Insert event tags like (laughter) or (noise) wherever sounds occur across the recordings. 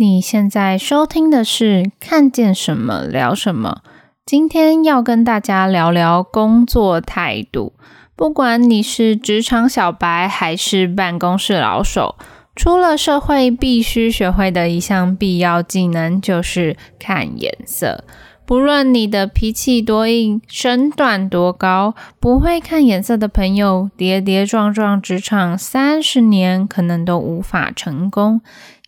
你現在收聽的是《看見什麼聊什麼》，今天要跟大家聊聊工作態度。不管你是職場小白還是辦公室老手，出了社會必須學會的一項必要技能就是看眼色。不論你的脾氣多硬、身段多高，不會看眼色的朋友，跌跌撞撞職場三十年，可能都無法成功。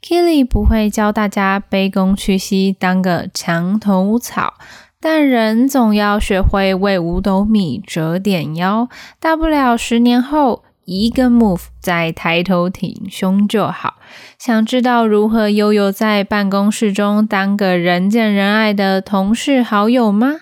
KEELY 不會教大家卑躬屈膝當個牆頭草，但人總要學會為五斗米折點腰。大不了十年後一個 move 再抬頭挺胸就好。想知道如何悠遊在辦公室中當個人見人愛的同事好友嗎？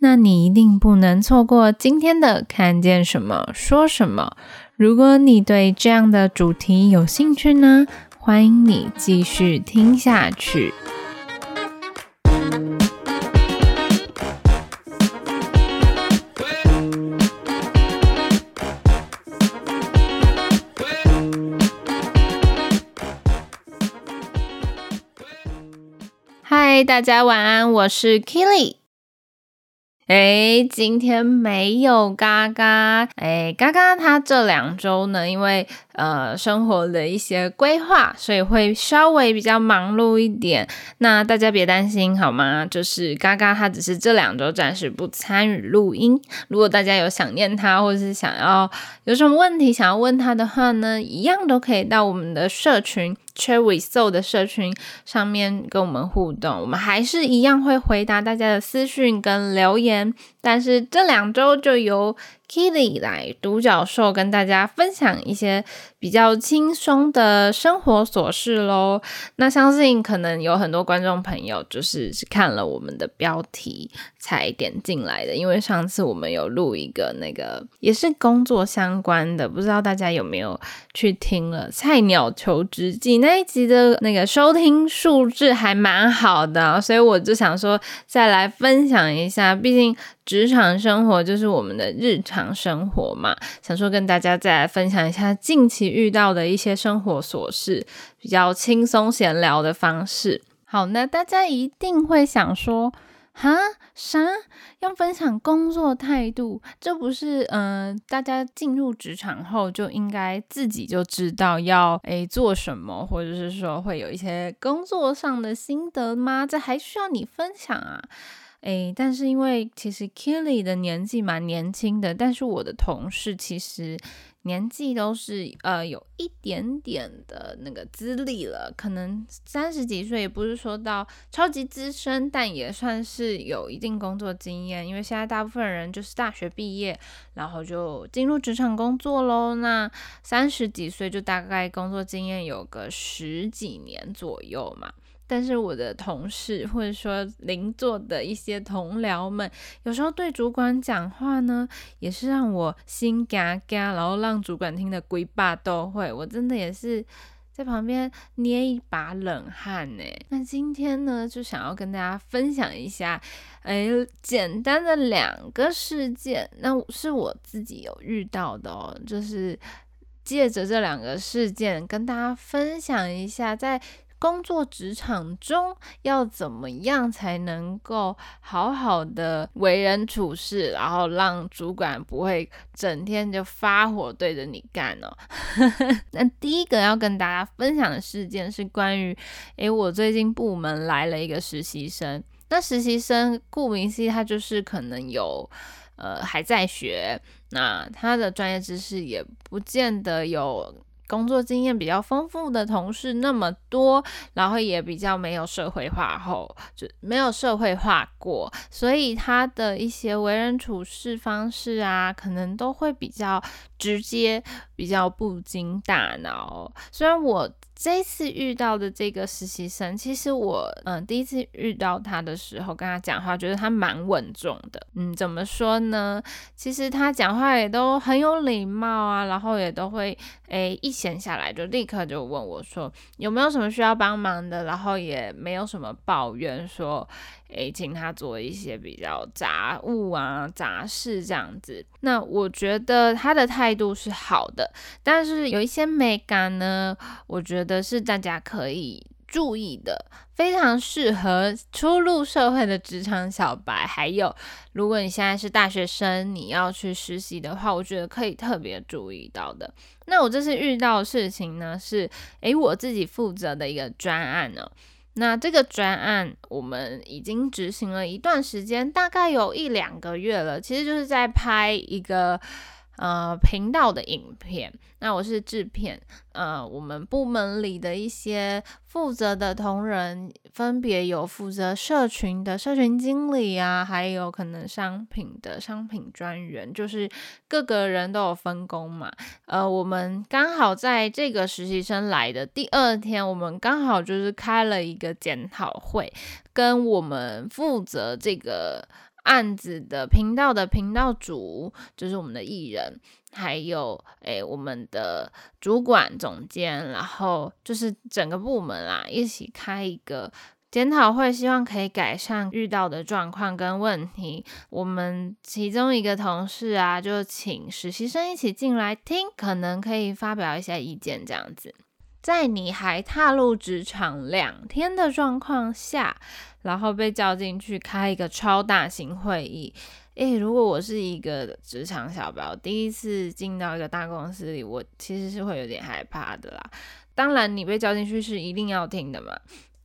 那你一定不能錯過今天的《看見什麼說什麼》。如果你對這樣的主題有興趣呢？歡迎你繼續聽下去。嗨，大家晚安，我是 KEELY。哎、欸，今天沒有嘎嘎。哎、欸，嘎嘎他這兩周呢，因為呃生活的一些規劃，所以會稍微比較忙碌一點。那大家別擔心好嗎？就是嘎嘎他只是這兩周暫時不參與錄音。如果大家有想念他，或者是想要有什麼問題想要問他的話呢，一樣都可以到我們的社群。Cherry Show 的社群上面跟我們互動，我們還是一樣會回答大家的私訊跟留言。但是這兩週就由 KEELY 來獨角獸跟大家分享一些比較輕鬆的生活瑣事嘍。那相信可能有很多觀眾朋友就是看了我們的標題才點進來的，因為上次我們有錄一個那個也是工作相關的，不知道大家有沒有去聽了《菜鳥求職經》。那一集的那個收聽數字還蠻好的啊，所以我就想說再來分享一下，畢竟職場生活就是我們的日常生活嘛，想說跟大家再來分享一下近期遇到的一些生活瑣事，比較輕鬆閒聊的方式。好，那大家一定會想說。哈？啥？要分享工作態度？這不是嗯、呃，大家進入職場後就應該自己就知道要誒做什麼，或者是說會有一些工作上的心得嗎？這還需要你分享啊？誒，但是因為其實 KEELY 的年紀蠻年輕的，但是我的同事其實年紀都是呃有一點點的那個資歷了，可能三十幾歲也不是說到超級資深，但也算是有一定工作經驗。因為現在大部分人就是大學畢業，然後就進入職場工作嘍。那三十幾歲就大概工作經驗有個十幾年左右嘛。但是我的同事或者說鄰座的一些同僚們，有時候對主管講話呢，也是讓我心嘎嘎。然後讓主管聽得鬼爸都會，我真的也是在旁邊捏一把冷汗哎。那今天呢，就想要跟大家分享一下，哎，簡單的兩個事件，那是我自己有遇到的哦，就是借着這兩個事件跟大家分享一下，在工作職場中要怎麼樣才能夠好好的為人處事，然後讓主管不會整天就發火對着你幹哦？ (laughs) 那第一個要跟大家分享的事件是關於，誒、欸，我最近部門來了一個實習生。那實習生顧名思義，他就是可能有，呃，還在學，那他的專業知識也不見得有。工作經驗比較豐富的同事那麼多，然後也比較沒有社會化後就沒有社會化過，所以他的一些為人處事方式啊，可能都會比較直接，比較不經大腦。雖然我。這一次遇到的這個實習生，其實我嗯，呃，第一次遇到他的時候，跟他講話，覺得他蠻穩重的。嗯，怎麼說呢？其實他講話也都很有禮貌啊，然後也都會誒一閒下來就立刻就問我說有沒有什麼需要幫忙的，然後也沒有什麼抱怨說。誒，請他做一些比較雜物啊、雜事這樣子。那我覺得他的態度是好的，但是有一些美感呢，我覺得是大家可以注意的。非常適合初入社會的職場小白，還有如果你現在是大學生，你要去實習的話，我覺得可以特別注意到的。那我這次遇到的事情呢，是誒，我自己負責的一個專案呢。那這個專案我們已經執行了一段時間，大概有一兩個月了，其實就是在拍一個。呃，頻道的影片。那我是製片，呃，我們部門裡的一些負責的同仁，分別有負責社群的社群經理啊，還有可能商品的商品專員，就是各個人都有分工嘛。呃，我們剛好在這個實習生來的第二天，我們剛好就是開了一個檢討會，跟我們負責這個。案子的頻道的頻道主，就是我們的藝人，還有誒、欸、我們的主管總監，然後就是整個部門啦、啊，一起開一個檢討會，希望可以改善遇到的狀況跟問題。我們其中一個同事啊，就請實習生一起進來聽，可能可以發表一下意見，這樣子。在你還踏入職場兩天的狀況下，然後被叫進去開一個超大型會議。誒、欸，如果我是一個職場小白，第一次進到一個大公司裡，我其實是會有點害怕的啦。當然，你被叫進去是一定要聽的嘛。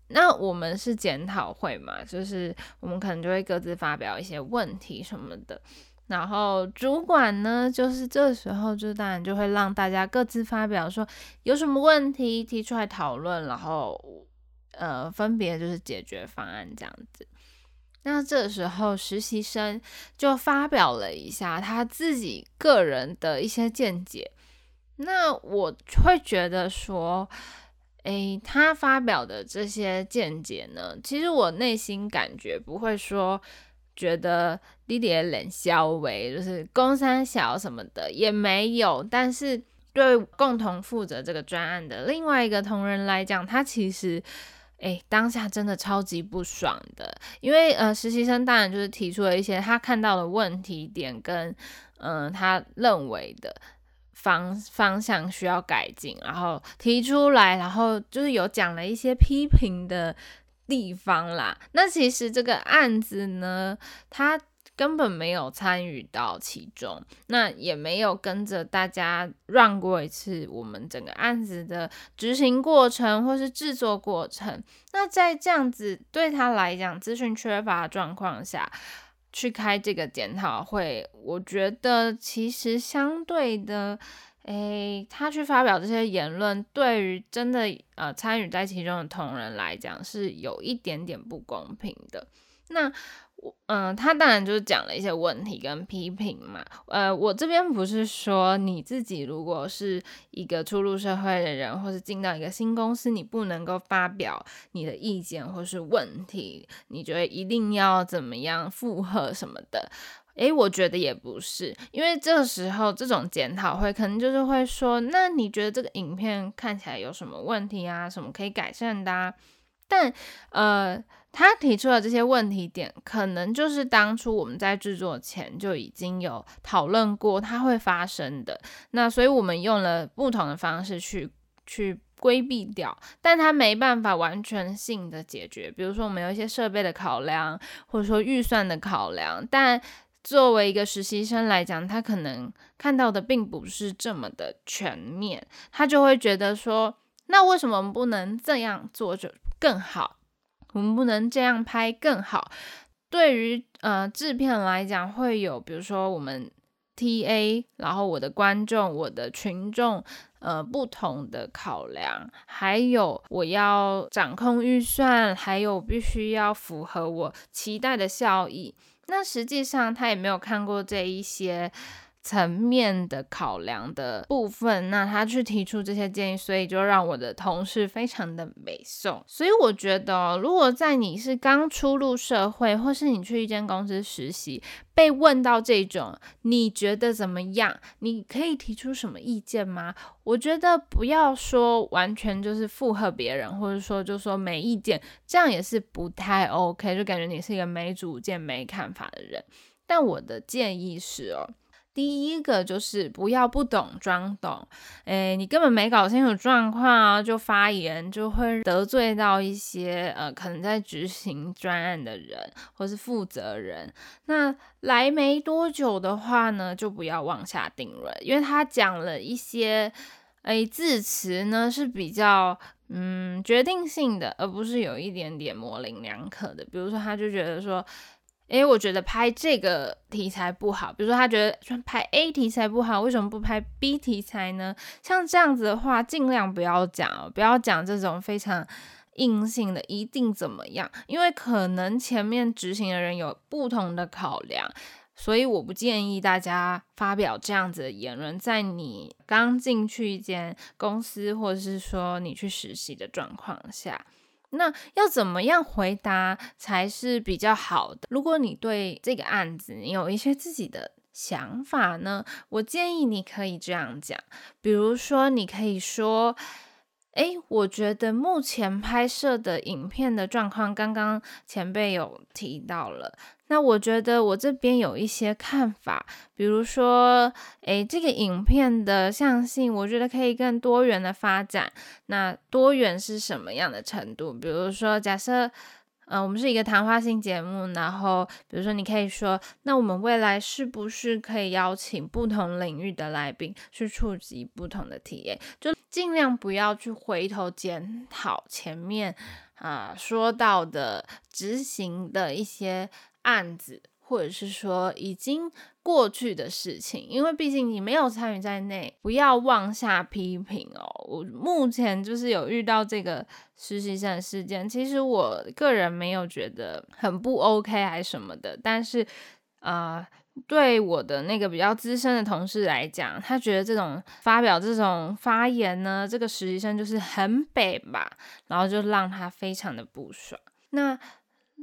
那我們是檢討會嘛，就是我們可能就會各自發表一些問題什麼的。然後主管呢，就是這時候就當然就會讓大家各自發表，說有什麼問題提出來討論，然後呃分別就是解決方案這樣子。那這時候實習生就發表了一下他自己個人的一些見解。那我會覺得說，誒，他發表的這些見解呢，其實我內心感覺不會說。覺得弟弟 l 冷笑為就是公三小什麼的也沒有，但是對共同負責這個專案的另外一個同仁來講，他其實哎、欸、當下真的超級不爽的，因為呃實習生當然就是提出了一些他看到的問題點跟嗯、呃、他認為的方方向需要改進，然後提出來，然後就是有講了一些批評的地方啦，那其實這個案子呢，他根本沒有參與到其中，那也沒有跟着大家 run 過一次我們整個案子的執行過程或是製作過程。那在這樣子對他來講，資訊缺乏狀況下，去開這個檢討會，我覺得其實相對的。哎，他去發表這些言論，對於真的呃參與在其中的同仁來講，是有一點點不公平的。那我嗯、呃，他當然就是講了一些問題跟批評嘛。呃，我這邊不是說你自己如果是一個初入社會的人，或是進到一個新公司，你不能夠發表你的意見或是問題，你覺得一定要怎麼樣附和什麼的。誒，我覺得也不是，因為這個時候這種檢討會，可能就是會說，那你覺得這個影片看起來有什麼問題啊？什麼可以改善的啊？但呃，他提出的這些問題點，可能就是當初我們在制作前就已經有討論過，它會發生的。那所以我們用了不同的方式去去規避掉，但它沒辦法完全性的解決。比如說，我們有一些設備的考量，或者說預算的考量，但。作為一個實習生來講，他可能看到的並不是這麼的全面，他就會覺得說，那為什麼我們不能這樣做就更好？我們不能這樣拍更好？對於呃制片來講，會有比如說我們 TA，然後我的觀眾、我的群眾，呃，不同的考量，還有我要掌控預算，還有必須要符合我期待的效益。那實際上他也沒有看過這一些。層面的考量的部分，那他去提出這些建議，所以就讓我的同事非常的美頌。所以我覺得哦，如果在你是剛出入社會，或是你去一間公司實習，被問到這種你覺得怎麼樣，你可以提出什麼意見嗎？我覺得不要說完全就是附和別人，或者說就說沒意見，這樣也是不太 OK，就感覺你是一個沒主見、沒看法的人。但我的建議是哦。第一個就是不要不懂裝懂，哎、欸，你根本沒搞清楚狀況啊，就發言，就會得罪到一些呃可能在執行專案的人或是負責人。那來沒多久的話呢，就不要妄下定論，因為他講了一些哎、欸，字詞呢是比較嗯決定性的，而不是有一點點模棱兩可的。比如說，他就覺得說，誒，我覺得拍這個題材不好，比如說他覺得拍 A 題材不好，為什麼不拍 B 題材呢？像這樣子的話，盡量不要講哦，不要講這種非常硬性的一定怎麼樣，因為可能前面執行的人有不同的考量，所以我不建議大家發表這樣子的言論，在你剛進去一間公司，或者是說你去實習的狀況下。那要怎麼樣回答才是比較好的？如果你對這個案子你有一些自己的想法呢，我建議你可以這樣講，比如說你可以說。誒，我覺得目前拍攝的影片的狀況，剛剛前輩有提到了。那我覺得我這邊有一些看法，比如說，誒，這個影片的向性，我覺得可以更多元的發展。那多元是什麼樣的程度？比如說，假設。嗯、呃，我們是一個談話性節目，然後比如說你可以說，那我們未來是不是可以邀請不同領域的來賓去觸及不同的體驗？就盡量不要去回頭檢討前面啊、呃、說到的執行的一些案子，或者是說已經。過去的事情，因為畢竟你沒有參與在內，不要妄下批評哦。我目前就是有遇到這個實習生的事件，其實我個人沒有覺得很不 OK 還是什麼的，但是啊、呃，對我的那個比較資深的同事來講，他覺得這種發表這種發言呢，這個實習生就是很北吧，然後就讓他非常的不爽。那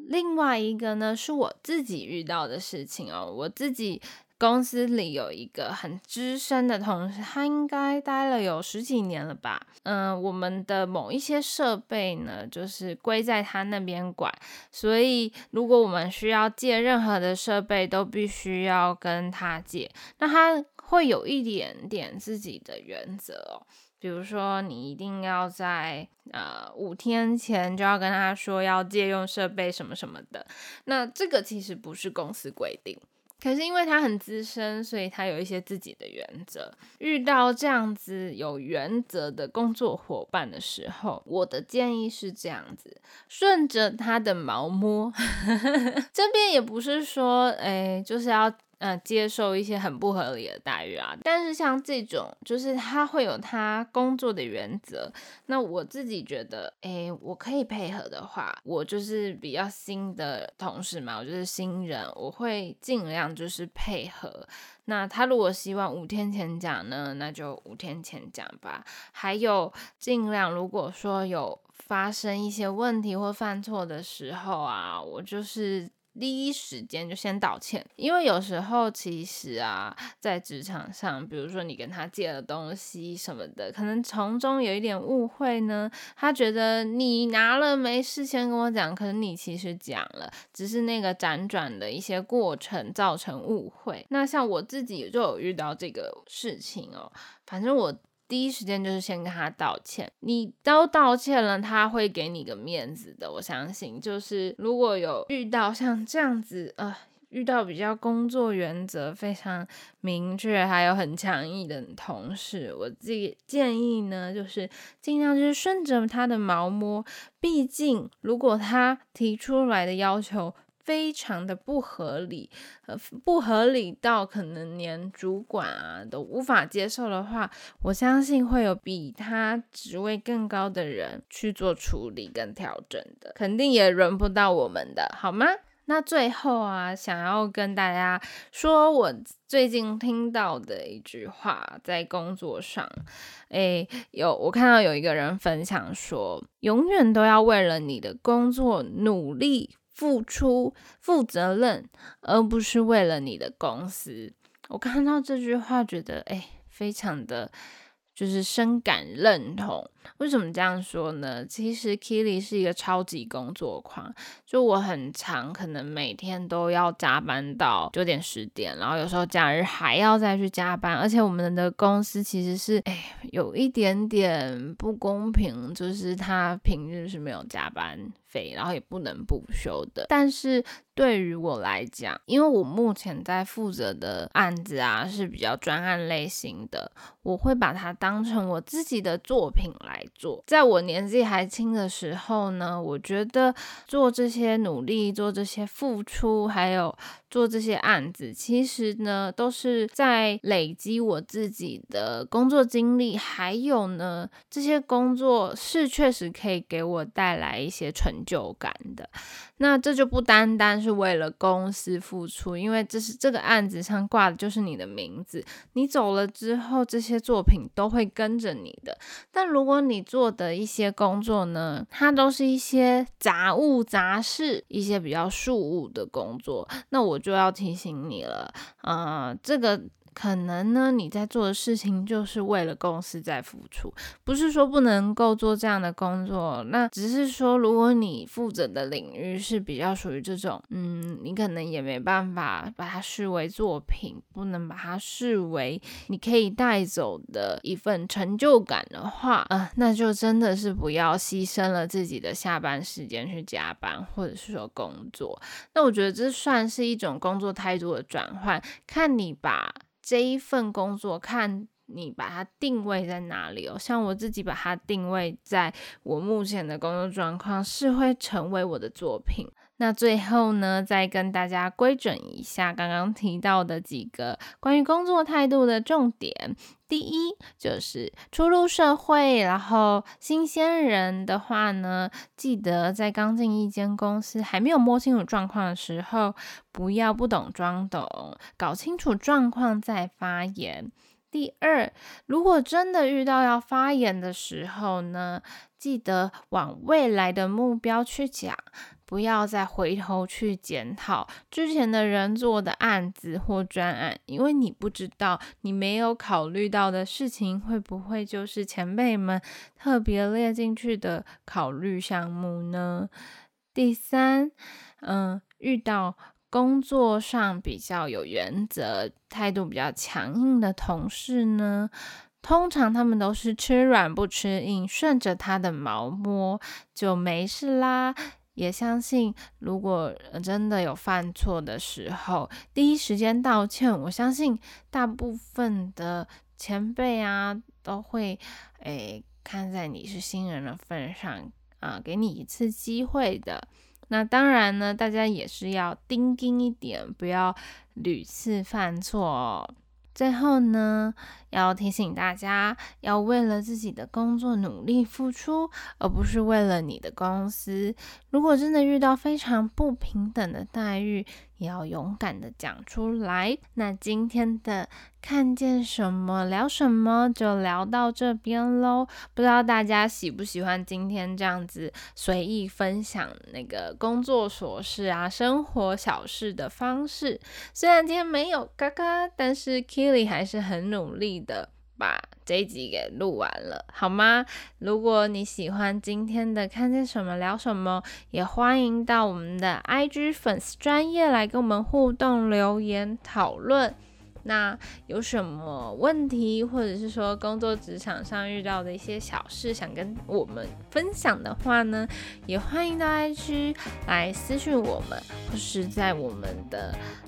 另外一個呢，是我自己遇到的事情哦。我自己公司裡有一個很資深的同事，他應該待了有十幾年了吧。嗯、呃，我們的某一些設備呢，就是歸在他那邊管，所以如果我們需要借任何的設備，都必須要跟他借。那他會有一點點自己的原則哦。比如說，你一定要在呃五天前就要跟他說要借用設備什麼什麼的，那這個其實不是公司規定，可是因為他很資深，所以他有一些自己的原則。遇到這樣子有原則的工作夥伴的時候，我的建議是這樣子，順着他的毛摸， (laughs) 這邊也不是說誒、欸、就是要。嗯、呃，接受一些很不合理的待遇啊，但是像這種，就是他會有他工作的原則。那我自己覺得，誒、欸，我可以配合的話，我就是比較新的同事嘛，我就是新人，我會儘量就是配合。那他如果希望五天前講呢，那就五天前講吧。還有，儘量如果說有發生一些問題或犯錯的時候啊，我就是。第一時間就先道歉，因為有時候其實啊，在職場上，比如說你跟他借了東西什麼的，可能從中有一點誤會呢。他覺得你拿了沒事先跟我講，可是你其實講了，只是那個輾轉的一些過程造成誤會。那像我自己就有遇到這個事情喔，反正我。第一時間就是先跟他道歉，你都道歉了，他會給你個面子的，我相信。就是如果有遇到像這樣子，呃，遇到比較工作原則非常明確，還有很強硬的同事，我自己建議呢，就是盡量就是順着他的毛摸，畢竟如果他提出來的要求。非常的不合理，呃，不合理到可能連主管啊都無法接受的話，我相信會有比他職位更高的人去做處理跟調整的，肯定也輪不到我們的，好嗎？那最後啊，想要跟大家說，我最近聽到的一句話，在工作上，誒，有我看到有一個人分享說，永遠都要為了你的工作努力。付出、負責任，而不是為了你的公司。我看到這句話，覺得哎、欸，非常的，就是深感認同。為什麼這樣說呢？其實 KEELY 是一個超級工作狂，就我很常可能每天都要加班到九點、十點，然後有時候假日還要再去加班。而且我們的公司其實是哎、欸，有一點點不公平，就是他平日是沒有加班。然後也不能不休的。但是對於我來講，因為我目前在負責的案子啊是比較專案類型的，我會把它當成我自己的作品來做。在我年紀還輕的時候呢，我覺得做這些努力、做這些付出，還有做這些案子，其實呢都是在累積我自己的工作經歷，還有呢這些工作是確實可以給我帶來一些成績。就感的，那這就不單單是為了公司付出，因為這是這個案子上掛的就是你的名字。你走了之後，這些作品都會跟着你的。但如果你做的一些工作呢，它都是一些雜物雜事，一些比較庶務的工作，那我就要提醒你了，呃，這個。可能呢，你在做的事情就是為了公司在付出，不是說不能夠做這樣的工作，那只是說，如果你負責的領域是比較屬於這種，嗯，你可能也沒辦法把它視為作品，不能把它視為你可以帶走的一份成就感的話，啊、呃，那就真的是不要犧牲了自己的下班時間去加班，或者是說工作。那我覺得這算是一種工作態度的轉換，看你吧。這一份工作，看你把它定位在哪裡哦，像我自己把它定位在我目前的工作狀況，是會成為我的作品。那最後呢，再跟大家規整一下剛剛提到的幾個關於工作態度的重點。第一，就是初入社會，然後新鮮人的話呢，記得在剛進一間公司還沒有摸清楚狀況的時候，不要不懂裝懂，搞清楚狀況再發言。第二，如果真的遇到要發言的時候呢，記得往未來的目標去講。不要再回頭去檢討之前的人做的案子或專案，因為你不知道你沒有考慮到的事情會不會就是前輩們特別列進去的考慮項目呢？第三，嗯、呃，遇到工作上比較有原則、態度比較強硬的同事呢，通常他們都是吃軟不吃硬，順着他的毛摸就沒事啦。也相信，如果真的有犯錯的時候，第一時間道歉。我相信大部分的前輩啊，都會誒看在你是新人的份上啊、呃，給你一次機會的。那當然呢，大家也是要盯盯一點，不要屢次犯錯哦。最後呢，要提醒大家，要為了自己的工作努力付出，而不是為了你的公司。如果真的遇到非常不平等的待遇，也要勇敢的講出來。那今天的看見什麼聊什麼就聊到這邊嘍。不知道大家喜不喜歡今天這樣子隨意分享那個工作瑣事啊、生活小事的方式。雖然今天沒有嘎嘎，但是 KEELY 還是很努力的。把這一集給錄完了，好嗎？如果你喜歡今天的看見什麼聊什麼，也歡迎到我們的 IG 粉絲專業來跟我們互動留言討論。那有什麼問題或者是說工作職場上遇到的一些小事想跟我們分享的話呢，也歡迎到 IG 來私訊我們，或是在我們的。